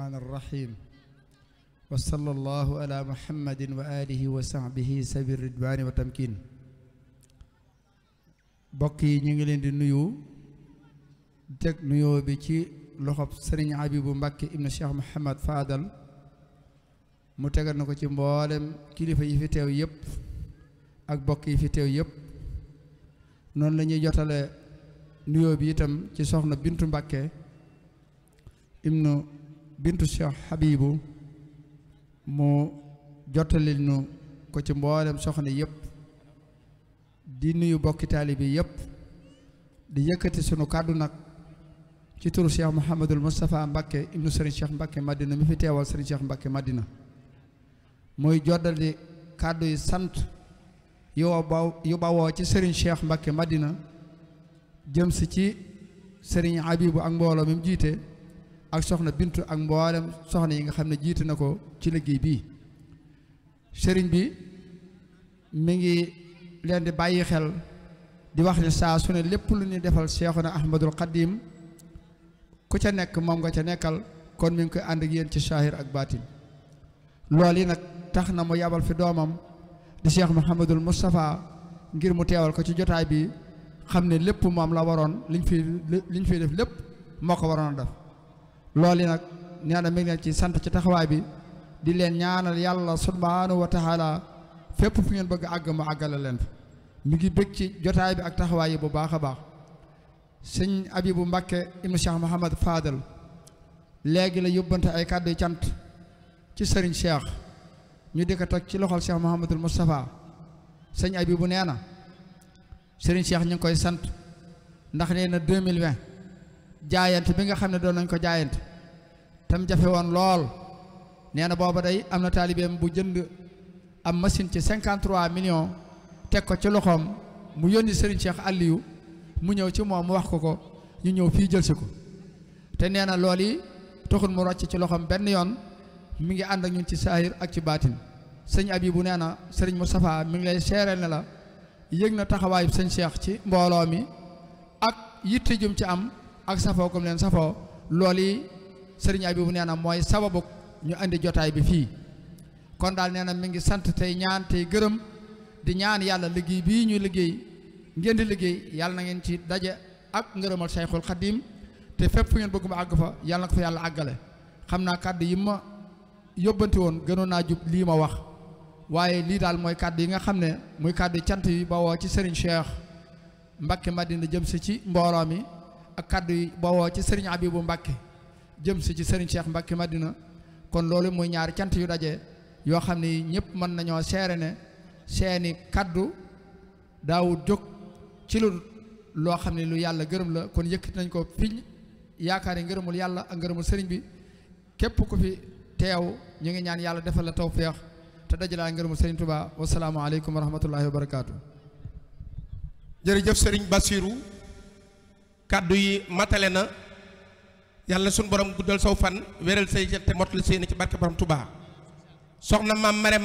الرحمن الرحيم وصلى الله على محمد وآله وصحبه سبيل الرضوان والتمكين bokk yi ñu ngi leen di nuyu teg nuyoo bi ci loxo sëriñ Abibu Mbàkke ibnu Cheikh Mouhamad Fadal mu tegal na ko ci mboolem kilifa yi fi teew yëpp ak bokk yi fi teew yëpp noonu la jotale nuyoo bi itam ci soxna Bintu Mbàkke ibnu bintu Cheikh Habibu mu jottali nu ko ci mboolem soxna yëpp di nuyu bokki taalibe yëpp di yëkkati sunu kàddu nag ci turu Cheikh Mouhamadul Moustapha Mbakke nu Serigne Cheikh Mbakke Madina mi fi teewal Serigne Cheikh Mbakke Madina sant yoo baw ci Serigne Cheikh Mbakke Madina jëm si ci Serigne Habibu ak mbooloo mi mu jiite. ak soxna bint ak mboolem soxna yi nga xam ne jiite na ko ci liggéey bii sëriñ bi mu ngi leen di bàyyi xel di wax ne saa su ne lépp lu ñu defal Seexuna Ahmadul Xadim ku ca nekk moom nga ca nekkal kon mu ngi koy ànd ak ci saahir ak baatin loolu yi nag tax na mu yabal fi doomam di Cheikh Mouhamadul Moustapha ngir mu teewal ko ci jotaay bi xam ne lépp moom la waroon liñ fi liñ fiy def lépp moo ko waroon a def yi nag nee na ci sant ci taxawaay bi di leen ñaanal yàlla subhaanahu wa fépp fu ngeen bëgg àgg mu àggale leen fa mi ngi bëgg ci jotaay bi ak taxawaay yi bu baax a baax sëñ Abibu Mbàkke ibnu Cheikh Mouhamad Fadal léegi la yóbbante ay kàddu cant ci sëriñ Cheikh ñu di ko teg ci loxol Cheikh Mouhamadul Moustapha sëñ Abibu nee na sëriñ Cheikh ñu ngi koy sant ndax nee na 2020 jaayant bi nga xam ne doon nañ ko jaayante tam jafe woon lool nee na booba day am na taalibeem bu jënd am machine ci 53 millions teg ko ci loxoom mu yónni Serigne Cheikh Aliou mu ñëw ci moom mu wax ko ko ñu ñëw fii jël si ko te nee na lool yi taxul mu rocc ci loxoom benn yoon mu ngi ànd ak ñun ci saahir ak ci baatin sëñ bu nee na sëriñ Moustapha mi ngi lay seereel ne la yëg na taxawaayu sëñ Cheikh ci mbooloo mi ak yitte jum ci am ak safoo comme leen safoo loolu yi sëriñ Abibu nee na mooy sababu ñu indi jotaay bi fii kon daal nee na mi ngi sant tey ñaan tey gërëm di ñaan yàlla liggéey bii ñu liggéey ngeen di liggéey yàlla na ngeen ci daje ak ngërëmal Sayxul Xadiim te fépp fu ngeen bëgg àgg fa yàlla na ko fa yàlla àggale xam naa kàddu yi ma yóbbante woon gënoon naa jub lii ma wax waaye lii daal mooy kàddu yi nga xam ne muy kàddu cant yi bawoo ci Serigne Cheikh Mbacké Madina jëm si ci mbooloo mi ak kàddu yi bawoo ci sëriñ Abibu Mbàkke jëm si ci sëriñ Cheikh Mbàkke Madina kon loolu muy ñaari cant yu daje yoo xam ni ñëpp mën nañoo seere ne seeni kàddu daawu jóg ci lu loo xam ne lu yàlla gërëm la kon yëkkati nañ ko fiñ yaakaar yi ngërëmul yàlla ak ngërëmul sëriñ bi képp ku fi teew ñu ngi ñaan yàlla defal la tawféex te dajalaa ngërëmul sëriñ Tuubaa wasalaamu aleykum wa rahmatullahi wa barakaatu jërëjëf sëriñ Basiru kàddu yi matale na yàlla suñu borom guddal saw fan wéral say jël te mottali seeni ci barke borom Touba soxna maam Marème